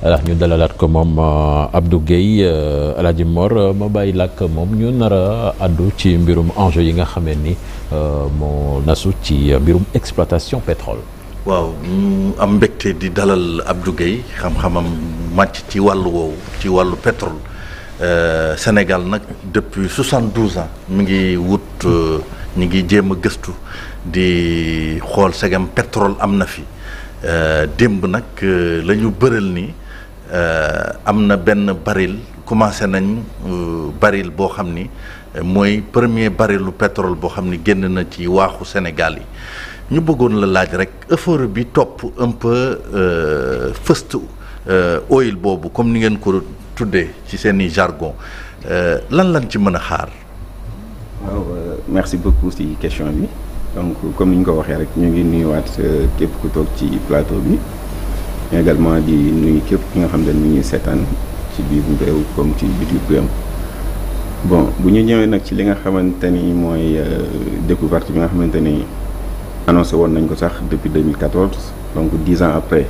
ndax ñu dalalaat ko moom euh, Abdou Guèye euh, Alaaji Mor euh, ma bàyyi làkk moom ñu nar a àddu ci mbirum enjeu yi nga xamee ni moo nasu ci mbirum exploitation pétrole. waaw ñu am mbégte di dalal Abdou Guèye xam-xamam màcc ci wàllu woowu ci wàllu pétrole Sénégal nag depuis 72 ans mi ngi wut ñu ngi jéem a gëstu di xool segam am na fi démb nag la ñu bëral ni Euh, am na benn baril commencé nañ euh, baril boo xam ni euh, mooy premier barilu petrole boo xam ni génn na ci waaxu Sénégal yi ñu bëggoon la laaj rek effort bi topp un peu first oil boobu comme ni ngeen ko tuddee ci seeni jargon lan lan ci mën a xaar. merci beaucoup ci question bi donc comme ni ñu ko waxee rek ñu ngi nuyuwaat képp ku toog ci plateau bi. mais également di nuyu képp ki nga xam ne ñu ngi seetaan ci biir réew comme ci bitim réew bon bu ñu ñëwee nag ci li nga xamante ni mooy euh, découverte bi nga xamante ni annoncé woon nañ ko sax depuis 2014 donc dix ans après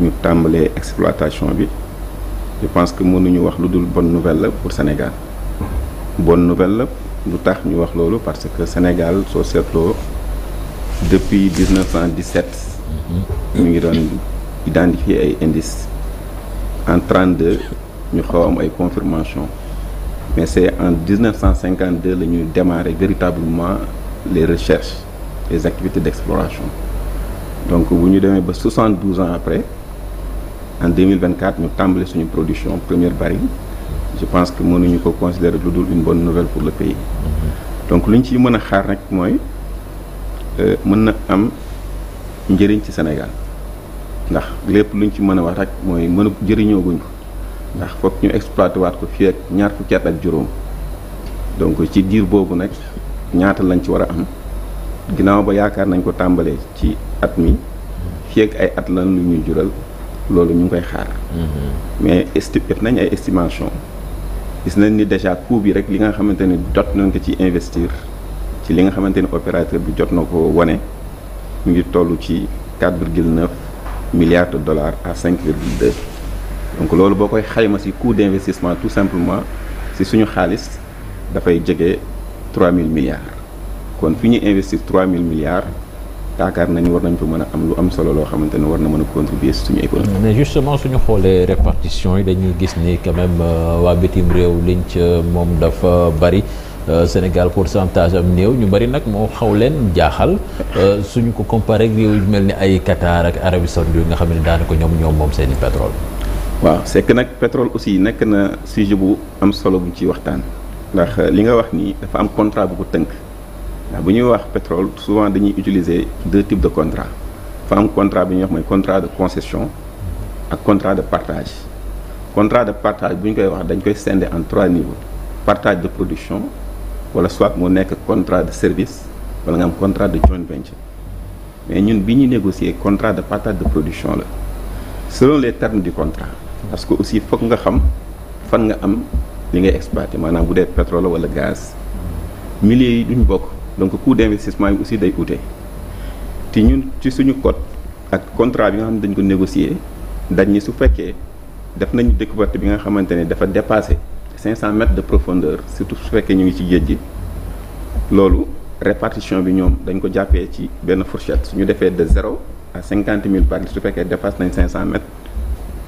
ñu tàmbalee exploitation bi je pense que mënuñu wax lu dul bon nouvelle la pour Sénégal bon nouvelle la lu tax ñu wax loolu parce que Sénégal soo seetloo depuis 1917 mhm. ñu ngi doon identifier ay indices en 32 ñu xaw am ay confirmation mais c'est en 1952 la ñuy démarrer véritablement les recherches les activités d'exploration donc bu ñu demee ba 72 ans après en 2024 ñu tàmbali suñu production première baril je pense que mënuñu ko considérer lu dul une bonne nouvelle pour le pays donc lu ñu ciy mën a xaar rek mooy euh, mën na am njëriñ ci Sénégal ndax lépp luñ ci mën a wax rek mooy mën a jëriñoo guñ ko ndax foog ñu exploité waat ko fi ak ñaar fukki ak juróom donc ci diir boobu nag ñaata lañ ci war a am ginnaaw ba yaakaar nañ ko tàmbalee ci at mi fii ak ay at lan lu ñuy jural loolu ñu ngi koy xaar. Mm-hmm. mais def nañ ay estimation gis nañ ni déjà coût bi rek li nga xamante ni jot nañ ko ci investir ci li nga xamante ni opérateur bi jot na ko wane mu ngi toll ci 4,9. milliards de dollars à 5,2 donc loolu boo koy xayma ci coût d'investissement tout simplement ci suñu xaalis dafay jege 3000 milliards kon fi ñuy investir 3000 milliards yaakaar nañu war nañ ko mën a am lu am solo loo xamante ne war na mën a contribuer si suñu économie. mais justement suñu xoolee répartition yi dañuy gis ni quand même euh, waa bitim réew liñ ca moom dafa bari. Euh, Sénégal pourcentage am néew ñu bari nag moo xaw leen jaaxal euh, suñu ko comparé ak réew yu mel ni ay Qatar ak Arabie Saoudite yu nga xam ne daanaka ñoom ñoom moom seeni pétrole. waaw c'est nag pétrole aussi nekk na sujet bu am solo bu ci waxtaan ndax euh, li nga wax nii dafa am contrat bu ko tënk ndax bu ñuy wax pétrole souvent dañuy utiliser deux types de contrat dafa am contrat bi ñuy wax mooy contrat de concession ak contrat de partage contrat de partage bu ñu koy wax dañ koy scinder en trois niveaux partage de production wala soit mu nekk contrat de service wala nga am contrat de joint venture mais ñun bi ñuy négocier contrat de partage de production la selon les termes du contrat parce que aussi foog nga xam fan nga am li ngay exploité maanaam bu dee pétrole wala gaz milliers yi duñ bokk donc coût d'investissement yi aussi day ute te ñun ci suñu code ak contrat bi nga xam ne dañ ko négocier dañ ni su fekkee def nañu découverte bi nga xamante ne dafa dépassé cinq cent mètres de profondeur surtout su fekkee ñu ngi ci géej gi loolu répartition bi ñoom dañ ko jàppee ci benn fourchette su ñu defee de zéro a cinquante mille par su fekkee dépasse nañ cinq cent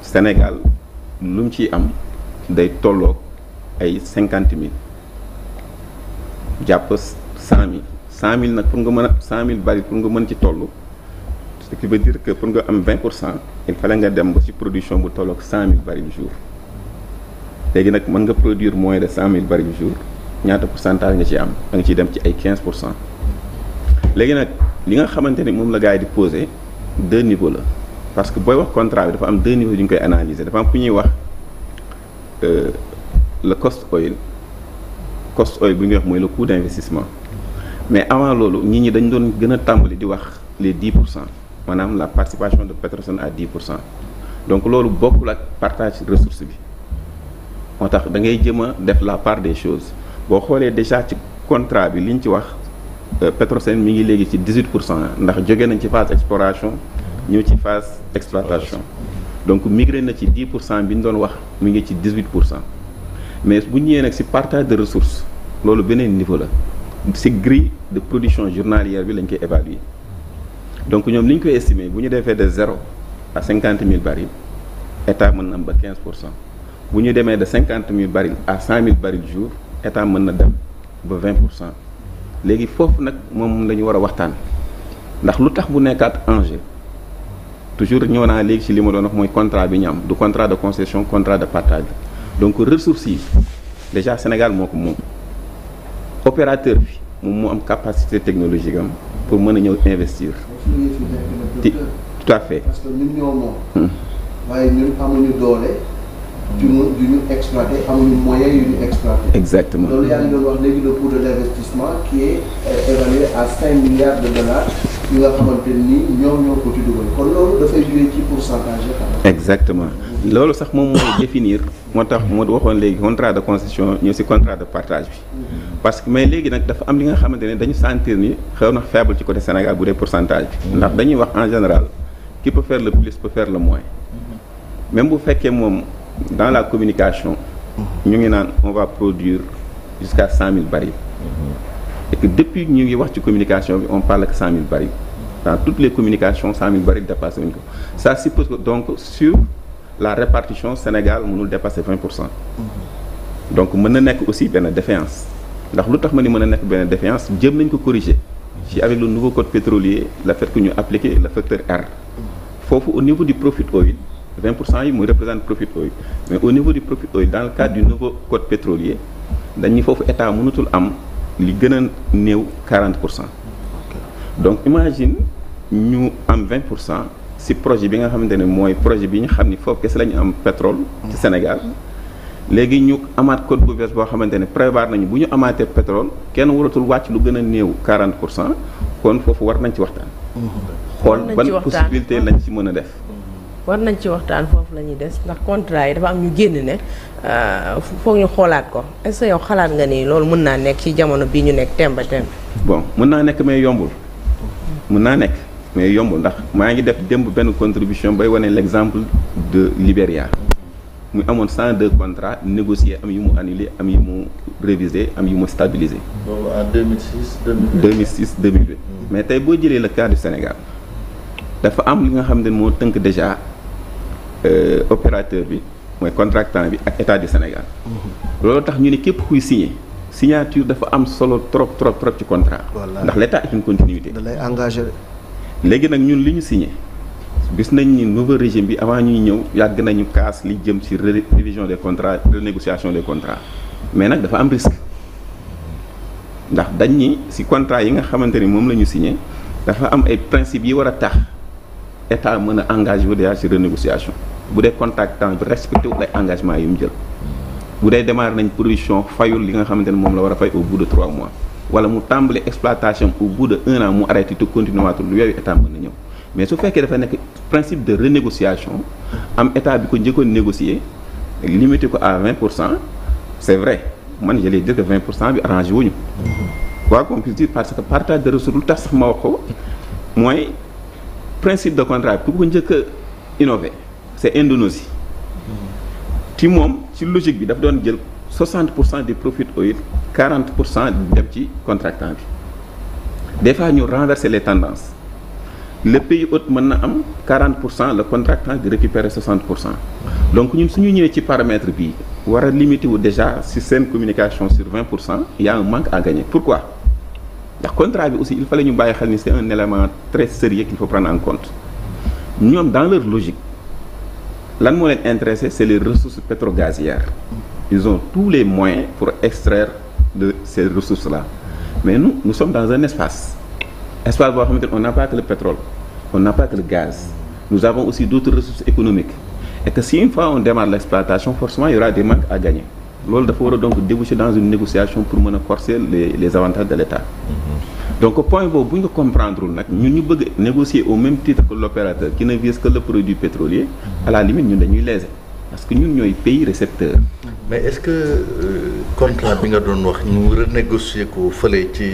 Sénégal lu mu am day tolloog ay cinquante mille jàpp cent mille cent mille nag pour nga mën a cent mille baril pour nga mën ci toll ce qui veut dire que pour nga am vingt pour cent il fallait nga dem ba ci production bu tolloog cent mille baril jour léegi nag mën nga produire moins de cent mille barils jour ñaata pourcentage nga ci am da nga ciy dem ci ay quinze pour cent léegi nag li nga xamante ni moom la gars yi di posé deux niveaux la parce que booy wax contrat bi dafa am deux niveaux yu ñu koy analyser dafa am fu ñuy wax euh, le cost oil cost oil bu ñuy wax mooy le coût d'investissement mais avant loolu nit ñi dañ doon gën a tàmbali di wax les 10 pour cent maanaam la participation de Petrosen à 10 pour cent donc loolu bokkul ak partage ressource bi moo tax da ngay jëm a def la part des choses boo xoolee déjà ci contrat bi li ñu ci wax euh, Petrosen mi ngi léegi ci 18 pour cent ndax joge nañ ci phase exploration ñëw ci phase exploitation donc migré na ci 10 pour cent bi ñu doon wax mi ngi ci 18 pour cent mais bu ñëwee nag si partage de ressources loolu beneen niveau la si grille de production journalière bi lañ koy évaluer donc ñoom li ñu koy estimer bu ñu defee de zéro a 50 000 barils état mën na ba 15 pour cent bu ñu demee de cinquante mille barils a cent mille barils jour état mën na dem ba vingt pour cent léegi foofu nag moom lañu war a waxtaan ndax lu tax bu nekkaat enjeu toujours ñëw naa léegi ci li ma doon wax mooy contrat bi ñu am du contrat de concession contrat de partage donc ressources yi déjà Sénégal moo ko moom opérateur bi moom moo am capacité technologique am pour mën a ñëw investir. ci tout à fait. duñu duñu exploité amuñu moyens exactement loolu léegi le coût de l'investissement qui euh, loolu sax moom mooy définir moo tax moo waxoon léegi contrat de concession ñëw si contrat de partage bi. Mm-hmm. parce que mais léegi nag dafa am li nga xamante ne dañu sentir ni xew na faible ci côté Sénégal bu dee pourcentage bi. Mm-hmm. ndax dañuy wax en général qui peut faire le plus peut faire le moins. Mm-hmm. bu fekkee moom. dans la communication ñu ngi naan on va produire jusqu'à cent mille barils mm-hmm. depuis ñu ngi wax ci communication bi on parle que cent mille barils dans toutes les communications cent mille barils dépassé wuñ ko ça suppose que donc sur la répartition Sénégal mënul dépasser vingt pour cent mm-hmm. donc mën na nekk aussi benn défaillance ndax lu tax ma ni mën a nekk benn défaillance jëm nañ ko corriger ci avec le nouveau code pétrolier le fait que ñu appliquer le facteur R mm-hmm. foofu au niveau du profit oil vingt pour cent yi muy représente profit oil mais au niveau du profit oil dans le cadre du nouveau code pétrolier dañuy foofu état mënatul am li gën a néew quarante pour cent donc imagine ñu am vingt pour cent si projet bi nga xamante ne mooy projet bi ñu xam ni foofu kese la am pétrole ci mm. Sénégal léegi ñu amaat code bu bees boo xamante ne prévoir nañu bu ñu amaatee pétrole kenn waratul wàcc lu gën a néew 40 pour cent kon foofu war nañ ci waxtaan mm-hmm. xool ban possibilité lañ ci mën a def war nañ ci waxtaan foofu la ñuy des ndax contrat yi dafa am ñu génn ne euh, foo ñu xoolaat ko est yow xalaat nga nii loolu mën naa nekk ci jamono bi ñu nekk temba temb bon mën naa nekk may yombul mën naa nekk mais yombul ndax maa ngi def démb benn contribution bay wane l'exemple de Libéria muy amoon cent 102 contrat négociés am yu mu annulé am yi mu révisé am yu mu stabilisé. boobu en 2006 2008 2006 mais tey boo jëlee la cas du Sénégal dafa am li nga xam ne moo tënk déjà Euh, opérateur bi mooy contractant bi ak état de Sénégal. loolu tax ñu ne képp kuy signé signature dafa am solo trop trop trop ci contrat. ndax l' état est une continuité. da lay léegi nag ñun li ñu signé gis nañ ni nouveau régime bi avant ñuy ñëw yàgg nañu kaas li jëm ci révision des contrats renégociation des contrats mais nag dafa am risque ndax dañ ni ci contrat yi nga xamante ni moom la ñu signé dafa am ay principes yi war a tax. état mën a engagé wu déjà ci renégociation bu dee contractant bi respecté wul ay engagement yi mu jël bu dee démarré nañ production fayul li nga xamante ne moom la war a fay au bout de trois mois wala mu tàmbali exploitation au bout de un an mu arrêté te continué waatul lu yooyu état mën na ñëw mais su fekkee dafa nekk principe de renégociation am état bi ko njëkkoon négocier limité ko à 20 pour cent c'est vrai man jëlee l'ai dit que pour cent bi arrangé wuñu quoi qu'on puisse parce que partage de ressources lu tax sax ko mooy principe de contrat bi ku ko njëkk a innové c'est Indonésie ci moom ci logique bi daf doon jël 60 pour cent du profit oil 40 pour cent dem ci contractant bi des fois ñu renverser les tendances le pays hôte mën na am 40 pour cent le contractant di récupérer 60 pour cent donc ñun suñu ñëwee ci paramètre bi war a limiter wu déjà si seen communication sur 20 pour cent y a un pour à ndax contrat bi aussi il fallait ñu bàyyi xel ni c'est un élément très sérieux qu'il faut prendre en compte ñoom dans leur logique lan moo leen intéressé c'est les ressources pétrogazières ils ont tous les moyens pour extraire de ces ressources là mais nous nous sommes dans un espace espace boo xamante ne on n'a pétrole on n'a pas le gaz nous avons aussi d'autres ressources économiques et que si une fois on démarre l'exploitation forcément il y aura loolu dafa war a donc déboucher dans une négociation pour mën a corser les les avantages de l'État mhm. donc point boobu bu ñu ko nag ñun ñu bëgg négocier au même titre que l'opérateur qui ne vise que le produit pétrolier mhm. à la ñun dañuy léser parce que ñun ñooy pays récepteur mais est-ce que euh, contrat bi nga doon wax ñu renégocier ko fële ci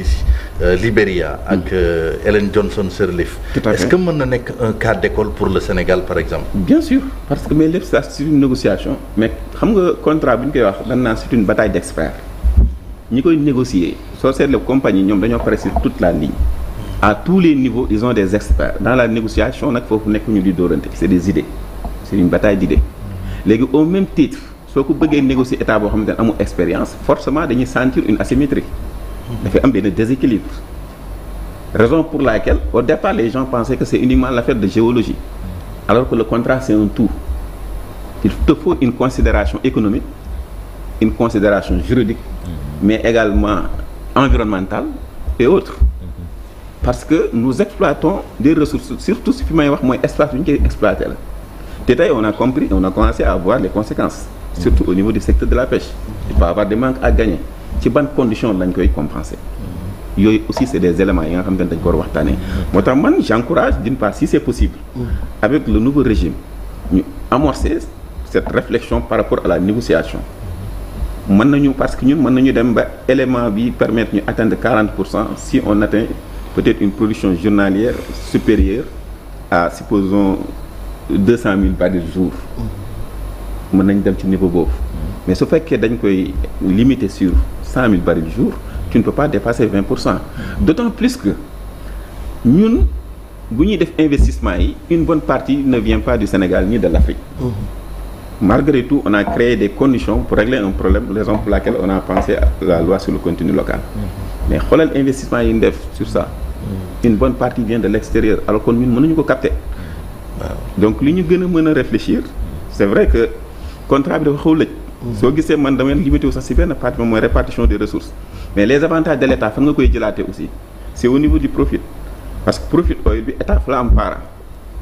Euh, Libéria ak mm. euh, Ellen Johnson Sirleaf est-ce que mën na nekk un cas d'école pour le Sénégal par exemple bien sûr parce que mais lépp ça négociation mais xam nga contrat bu ñu koy wax dan naa c'est une bataille d'experts ñi koy négocier soo seetle compagnie ñoom dañoo pare sur toute la ligne à tous les niveaux ils ont des experts dans la négociation nag foofu nekkuñu ñu di dóorante c'est des idées c'est une bataille d'idées léegi au même titre soo ko bëggee négocier état boo xamante ne amul expérience forcément dañuy sentir une asymétrie dafay am benn déséquilibre raison pour laquelle au départ les gens pensaient que c'est uniquement l'affaire de géologie alors que le contrat c'est un tout il te faut une considération économique une considération juridique mais également environnementale et autres parce que nous exploitons des ressources surtout si fi may wax mooy espace bi ñu la te tey on a compris on a commencé à voir les conséquences surtout au niveau du secteur de la pêche il peut ci ban condition lañ koy compenser yooyu aussi c'est des éléments yi nga xam ne dañ ko waxtaanee moo tax man j'encourage d'une part si c'est possible avec le nouveau régime ñu amorcer cette réflexion par rapport à la négociation mën nañu parce que ñun mën nañu dem ba élément bi permettre ñu atteindre 40 pour cent si on atteint peut-être une production journalière supérieure à supposons 200 000 barils jour mën nañ dem ci niveau boobu mais su fekkee dañ koy limiter sur cent mille barils jour tu ne peux plus que ñun bu ñuy def investissement yi une bonne partie ne vient pas du Sénégal ni de l' Afrique mmh. malgré tout on a créé des conditions pour régler un problème raison pour laquelle on a pensé la loi sur le contenu local mmh. mais xoolal investissement yi ñu def sur ça mmh. une bonne partie vient de l' extérieur alors kon ñun mënuñu ko capter waaw donc li ñu gën a mën a réfléchir c' est vrai que contrat bi dafa xaw lëj soo gisee man dama limité wu sax si benn partie moom mooy répartition des ressources mais les avantages de l' état fan nga koy jëlaatee aussi c' est au niveau du profit parce que profit oil bi état fa la am part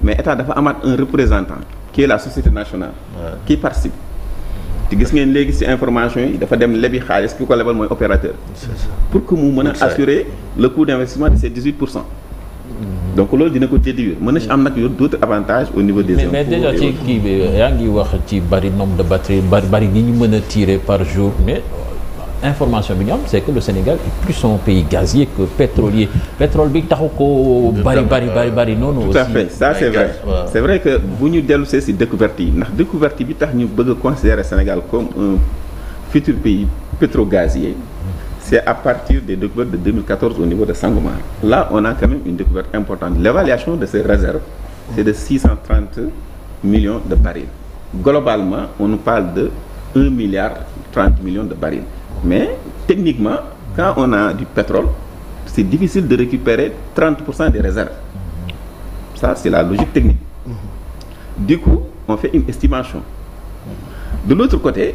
mais état dafa amaat un représentant qui est la société nationale qui participe te gis ngeen léegi ci information yi dafa dem lebi xaalis ki ko lebal mooy opérateur pour que mu mën a assurer le coût d' investissement de ces 18 pour cent hmm. donc loolu dina ko déduire mën na si am nag yow d'autres avantages au niveau des impôts mais déjà ci kii yaa ngi wax ci bari nombre de batterie bari bari ni ñu mën a tirer par mais information bi ñu am c'est que le Sénégal est plus un pays pétrole bi taxu ko bari bari bari bari noonu tout à fait c'est vrai c'est vrai que bu ñu dellu see si découverte yi ndax découverte bi tax ñu bëgg a considérer Sénégal comme un futur pays pétro gazier c'est à partir des découvertes de 2014 au niveau de Sangomar. Là, on a quand même une découverte importante. L'évaluation de ces réserves, c'est de 630 millions de barils. Globalement, on nous parle de 1 milliard 30 millions de barils. Mais techniquement, quand on a du pétrole, c'est difficile de récupérer 30% des réserves. Ça, c'est la logique technique. Du coup, on fait une estimation. De l'autre côté,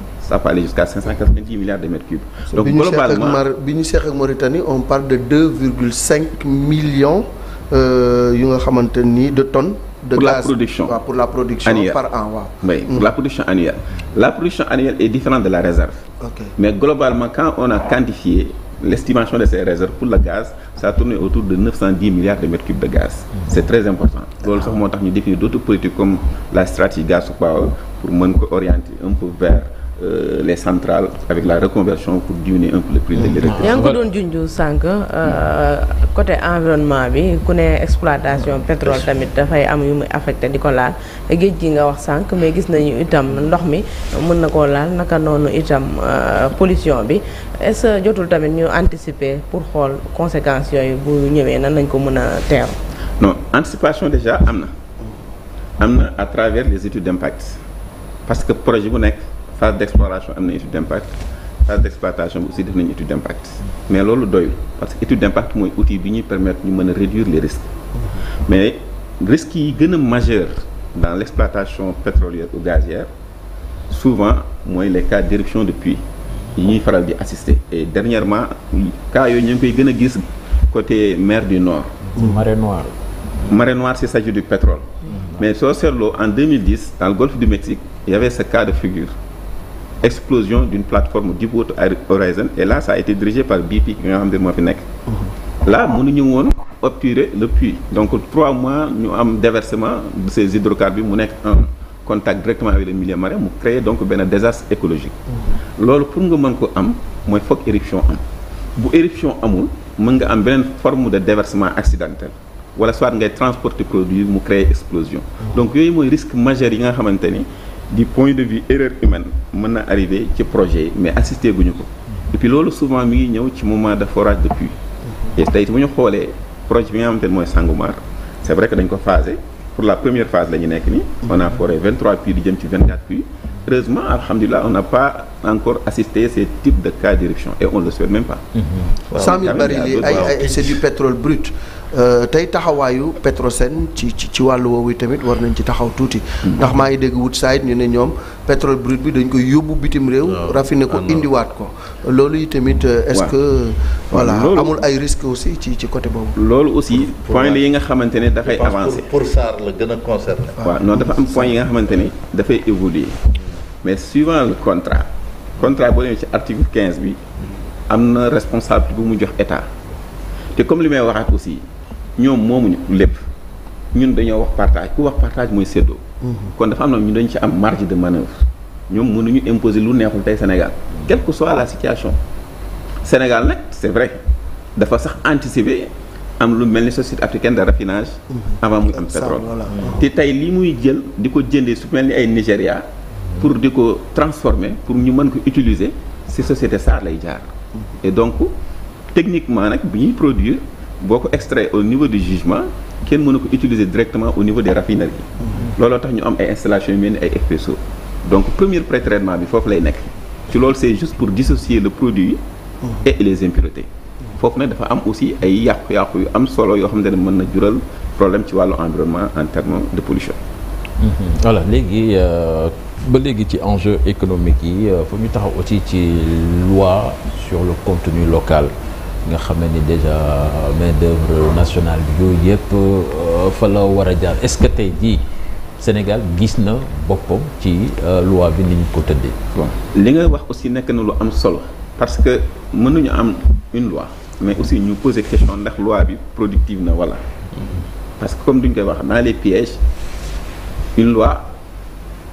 ça peut aller jusqu'à 590 milliards de mètres cubes. donc globalement bi ñu seq ak Mauritanie on parle de millions euh, yu nga xamante ni de tonnes. de gaz la production waaw pour la production annuelle. par an waaw. oui pour mm. la production annuelle. la production annuelle est différente de la réserve. ok mais globalement quand on a quantifié. l'estimation de ces réserves pour le gaz ça tourne autour de milliards de mètres cubes de gaz mm. c'est très important loolu sax moo tax ñu définir d'autres politiques ko orienter un Euh, les centrales avec la reconversion pour diminuer un peu le prix de mm. l'électricité. yaa ngi ko doon junj sànq euh, côté environnement bi ku ne exploitation pétrole tamit dafay am yu muy affecté di ko laal géej gi nga wax sànq mais gis nañu itam ndox mi mun na koo laal naka noonu itam euh, pollution bi est jotul tamit ñu anticiper pour xool conséquences yooyu bu ñëwee nan nañ ko mën a teew. non anticipation déjà am na am na à travers les études d'impact parce que projet phase d' exploration na étude impact phase bi aussi def nañu étude d' impact mais loolu doyul parce que étude d' mooy outil bi ñuy permettre ñu mën a réduire les risques mais risques yi gën a majeur dans l' exploitation pétrolière ou gazière souvent mooy les cas d' de puits yi ñuy faral di assister et dernièrement cas yooyu ñu ngi koy gën a gis côté maire du nord mmh. marée noire marée noire s'il s'agit du pétrole mmh. mais soo seetloo en 2010 dans le golfe du Mexique il y cas de figure explosion d'une plateforme Deepwater Horizon et là ça a été dirigé par BP bi nga xam ne moo fi nekk là mënuñu woon obturer le puits donc trois mois ñu am déversement de ces bi mu nekk en contact directement avec le milieu marin mu créer donc benn désastre écologique loolu pour nga mën ko am mooy foog éruption am bu éruption amul mën nga am beneen forme de déversement accidentel wala soit ngay transporte produit mu créer explosion donc yooyu mooy risque majeur yi nga xamante ni du point de vue erreur humaine mën na arrivé ci projet yi mais assisté guñu ko et loolu souvent mi ngi ñëw ci moment de forage de puits et bu ñu xoolee projet bi nga xamante ne mooy Sangomar c'est vrai que dañ ko phasé pour la première phase la nekk nii on a foré 23 puits di jëm ci 24 puits heureusement alhamdulilah on n'a pas encore assisté ces types de cas et on le souhaite même pas 100 000 ay ay c'est du pétrole Euh, tey taxawaayu Petrosen ci ci ci wàllu woowu tamit war nañ ci taxaw tuuti. Hmm. ndax maa ngi dégg Woodside ñu ne ñoom pétrole brut bi dañ koy yóbbu bitim réew. Ah, ah, raffiné ko ah, indiwaat ko. loolu yi tamit euh, est-ce voilà amul ay risques aussi ci ci côté boobu. loolu aussi point yi nga xamante ne dafay avancé pour SAR la gën a concerné. dafa am point yi nga xamante ne dafay évoluer mais suivant contrat. contrat boo demee ci article 15 bi am na responsabilité bu mu jox état te comme li may waxaat aussi. ñoom moomuñu lépp ñun dañoo wax partage ku wax partage mooy séddoo. Mhm. kon dafa am na ñu dañu ci am marge de manœuvre ñoom mënuñu imposer lu neexul tey Sénégal quelle que soit la situation Sénégal nag c'est vrai dafa sax anticiper am lu mel ni société africaine de raffinage mhm. avant muy am pétrole te tey li muy jël di ko jëndee su mel ni ay Nigéria pour di ko transformer pour ñu mën ko utiliser si société SAR lay jaar mhm. et donc techniquement nag bi ñuy produire boo ko extrait au niveau du jugement kenn mën mënu ko utiliser directement au niveau des raffineries yi looloo tax ñu am ay installation yu mel ni ay FPSO donc premier pré-traitement bi foofu lay nekk ci loolu c'est juste pour dissocier le produit et les impuretés foofu nag dafa am aussi ay yàqu-yàqu yu am solo yoo xam ne mën na jural problème ci wàllu environnement en termes de pollution voilà mhm. léegi euh, ba léegi ci enjeu économique yi euh, fa ñu taxaw aussi ci loi sur le contenu nga xam ne ni déjà mais d'œuvre nationale bi yooyu yëpp euh, fa la war a jaar est-ce que tey jii Sénégal gis na boppam ci euh, loi bi nu ñu ko tëddee. li ngay wax aussi nekk na lu am solo parce que mënuñu am une loi mais aussi ñu poser question ndax loi bi productive na walla. parce que comme duñ koy wax naa les pièges une loi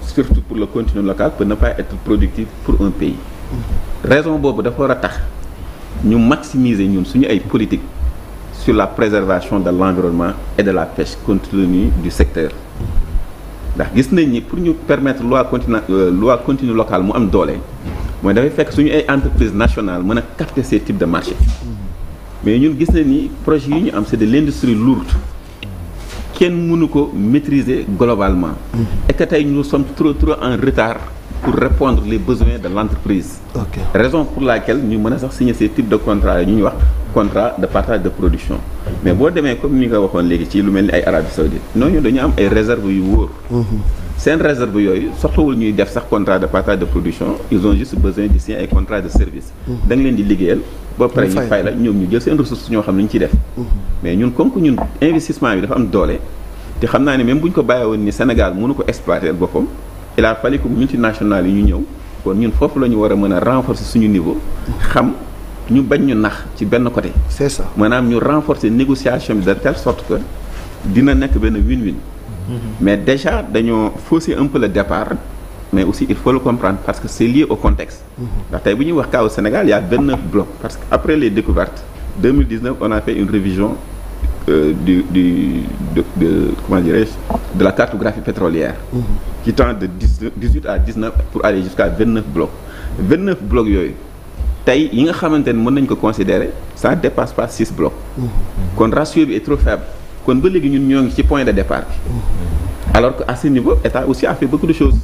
surtout pour le contenu local peut ne pas être productive pour un pays. Mm-hmm. raison boobu dafa war a tax. ñu maximiser ñun suñu ay politique sur la préservation de l'environnement et de la pêche compte tenu du secteur ndax gis nañ ni pour ñu permettre loi continue euh, loi continue locale mu am doole mooy dafay fekk suñu ay entreprise nationale mën a capter ces types de marché mais ñun gis nañ ni projet yi ñu am c'est de l'industrie lourde kenn mënu ko maîtriser globalement et que tey nous sommes trop trop en retard pour répondre les besoins de l'entreprise okay. raison pour laquelle ñu mën a sax signer ces types de contrat yi ñu ñuy wax contrat de partage de production mais boo demee comme ni nga waxoon léegi ci lu mel ni ay Arabie Saoudite ñooñu dañu am ay réserve yu wóor mhm. seen réserve yooyu soxlawul ñuy def sax contrat de partage de production ils ont juste besoin de signer ay contrat de service mhm. da leen di liggéeyal ba pare ñu fay la ñoom ñu jël seen ressource ñoo ñu ciy def mhm. mais ñun comme que ñun investissement bi dafa am doole te xam même bu ñu ko bàyyi woon ni Sénégal mënu ko exploiter boppam il a fallu que multinationales yi ñu ñëw kon ñun foofu la ñu war a mën a renforcer suñu niveau xam ñu bañ ñu nax ci benn côté. maanaam ñu renforcer négociation bi de telle sorte que dina nekk benn win-win. Mm-hmm. mais déjà dañoo fausser un peu le mais aussi il faut le comprendre parce que c'est lié au contexte. Mm-hmm. ndax tey bu ñuy wax cas au Sénégal il y a parce que après les découvertes 2019 on a fait une révision. Euh, du du de, de comment dirais-je de la cartographie pétrolière. Mhm. qui tend de dix dix huit à dix neuf pour aller jusqu'à vingt neuf blocs. vingt neuf blocs yooyu tey yi nga xamante ne mën nañ ko considérer sa ne dépasse pas six blocs. Mhm. kon ratio bi est trop faible. kon ba léegi ñun ñoo ngi ci point de départ bi. Mhm. alors que à ce niveau état aussi a fait beaucoup de choses.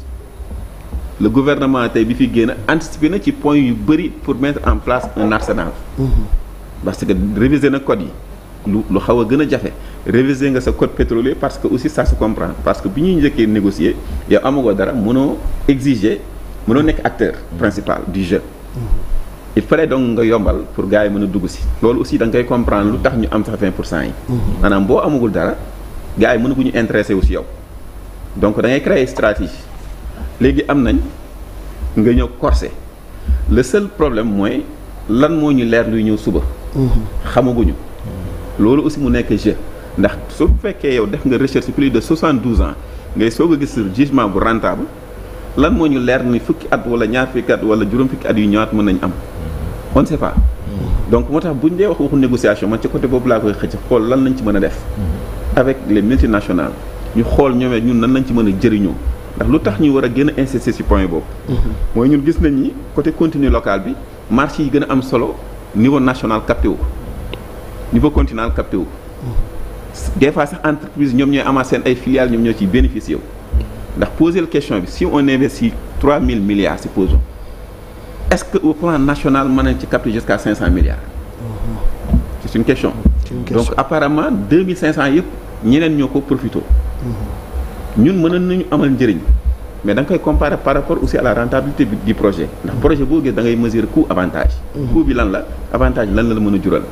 le gouvernement tey bi fi génn anticipé na ci point yu bëri pour mettre en place un arsenal. parce que réviser na code yi. lu lu xaw a gën a jafe réviser nga sa code pétrolier parce que aussi ça se comprend parce que bi ñuy njëkkee négocier yow amagoo dara mënoo exige mënoo nekk acteur principal du jeu mhm. il fallait donc nga yombal pour gars yi mën a dugg si loolu aussi da nga koy comprendre lu tax ñu am sax 20 pour cent yi mhm. maanaam boo amagul dara gars yi mënu gu ñu intéressé wu si yow donc da ngay créer stratégie léegi am nañ nga ñëw corsé le seul problème mooy lan moo ñu leer luy ñëw suba mhm. xamaguñu loolu aussi mu nekk jeu ndax su fekkee yow def nga recherche plus de 72 ans ngay soog a gis jugement bu rentable lan moo ñu leer ni fukki at wala ñaar fukki at wala juróom fukki at yu ñëwaat mën nañu am on ne sait pas. Mm-hmm. donc moo tax bu ñu dee wax waxu négociation man ci côté boobu laa koy xëcc xool lan lañ ci mën a def. Mm-hmm. avec les multinationales ñu xool ñoomee ñun lan lañ ci mën a jëriñoo ndax lu tax ñu war a gën a insister ci point boobu. Mm-hmm. mooy ñun gis nañ ni côté contenu local bi marché yi gën a am solo niveau national capté wu niveau continental capté wu des fois sax entreprise ñoom ñooy amaat seen ay filiales ñoom ñoo ciy bénéficié ndax poser la bi si on investit 3000 milliards supposons est-ce que au plan national mën nañ ci capter jusqu'à 500 milliards. Mm-hmm. c'est une question. c'est une question donc apparemment 2500 yëpp ñeneen ñoo ko profité. Mm-hmm. ñun mënoon nañu amal njëriñ mais da nga koy comparer par rapport aussi à la rentabilité du projet. ndax mm-hmm. projet boo gis da ngay mesurer avantage. coût bi lan la avantage lan la la mën a jural.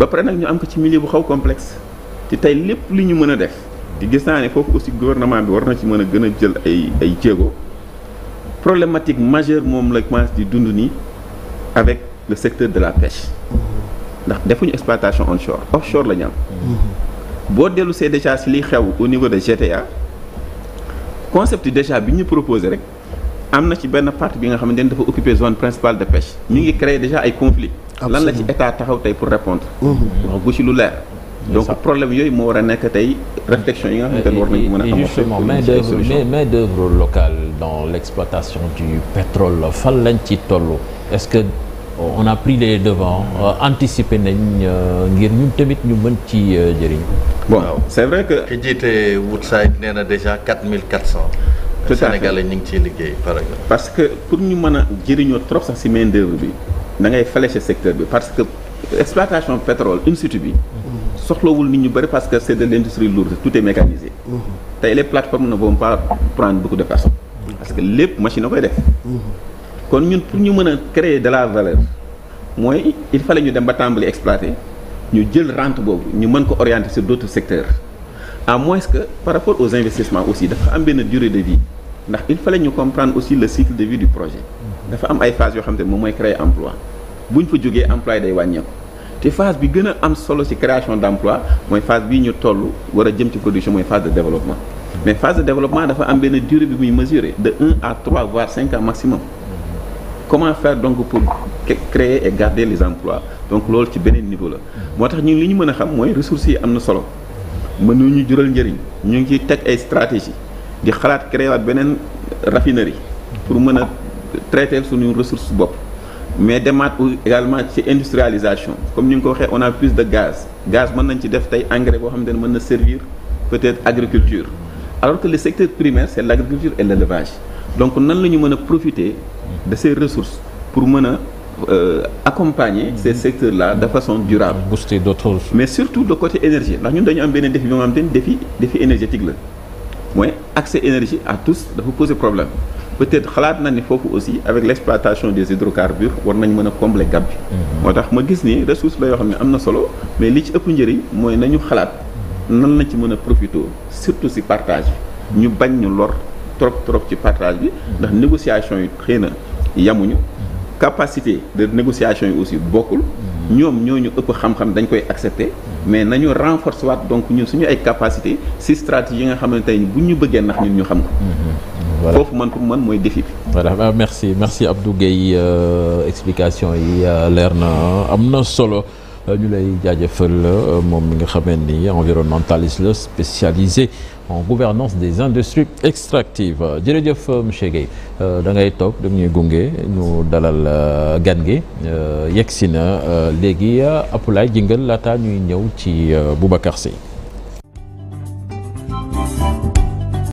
ba pare nag ñu am ko ci milieu bu xaw complexe te tey lépp li ñu mën a def di gis naa ne foofu aussi gouvernement bi war na ci mën a gën a jël ay ay jéego problématique majeure moom la commence di dund nii avec le secteur de la pêche ndax defuñu exploitation onshore offshore la ñu am boo dellu see déjà si liy xew au niveau de GTA concept déjà bi ñu proposé rek am na ci benn part bi nga xam ne dafa occuper zone principale de pêche ñu ngi créer déjà ay conflits lan la ci état taxaw tey pour répondre mhm. wax gu ci lu leer donc problème yooyu moo war a nekk tey réflexion yi nga xamante ne war nañu mën a am justement main d'œuvre main d'œuvre locale dans l'exploitation du fan lañ ci toll est-ce que on a pris les devants euh, anticiper nañ euh, ngir ñun tamit ñu mën ci euh, jëriñ bon c'est vrai que ki jiite Woodside nee na déjà quatre mille quatre cents Sénégalais ñu ngi ciy liggéey par exemple parce que pour ñu mën a jëriñoo trop sax ci main d'œuvre bi da ngay fléché secteur bi parce que exploitation pétrole in bi soxlawul nit ñu bëri parce que c' est de l' industrie lourde tout est mécanisé tey les plateformes ne vont pas prendre beaucoup de personnes parce que lépp machine a koy def kon ñun pour ñu mën a créer de la valeur mooy il fallait ñu dem ba tàmbali exploiter ñu jël rente boobu ñu mën ko orienter sur d' autres secteurs à moins que par rapport aux investissements aussi dafa am benn durée de vie ndax il le cycle de vie du projet am ay phases yoo xam te moom mooy créer emploi bu ñu fa jógee emploi day wàññeeku te phase bi gën a am solo ci création d' emploi mooy phase bi ñu toll war a jëm ci production mooy phase de développement mais phase de développement dafa am benn durée bi muy mesurer de 1 à 3 voire 5 ans maximum comment faire donc pour créer et garder les emplois donc loolu ci beneen niveau la moo tax ñun li ñu mën a xam mooy ressources yi am na solo mën nañu jural njëriñ ñu ngi ciy teg ay stratégie di xalaat créer waat beneen raffinerie pour mën a traiter suñu ressource bopp mais demaat également ci industrialisation comme ni nga ko waxee on a plus de gaz gaz mën nañ ci def tey engrais boo xamante ne mën na servir peut-être agriculture alors que le secteur primaire c'est l'agriculture et l'élevage donc nan la ñu mën a profiter de ces ressources pour mën a Euh, accompagner mm-hmm. ces secteurs là de façon durable. booster d'autres. mais surtout le côté énergie ndax ñun dañu am benn défi bi nga xamante ni défi défi énergétique la mooy accès énergie à tous dafa poser problème. peut-être xalaat na ni foofu aussi avec l'exploitation des hydrocarbures war nañ mën a combler bi mhm. moo tax ma gis ni ressource la yoo xam ne am na solo mais li ci ëpp njëriñ mooy nañu xalaat nan la ci mën a profiter surtout si partage bi ñu bañ ñu lor trop trop ci partage bi ndax négociation yi xëy na yamuñu capacité de négociation yi aussi bokkul mhm. ñoom ñoo ñu ëpp xam-xam dañ koy accepter mhm. mais nañu renforcer waat donc ñun suñu ay capacité si stratégie yi nga xam ne ñu bëggee nax ñu xam ko voilà foofu man pour man mooy défi bi. voilà merci merci Abdou Guèye euh, explication yi euh, leer na am na solo. Euh, ñu lay jaajëfal moom mi nga xamee ni environnementaliste la spécialisé en gouvernance des industries extractives jërëjëf monsieur Guèye da ngay toog da ñuy gunge ñu dalal gan gi yegg si na léegi Apulaay jingal laata ñuy ñëw ci Boubacar Seye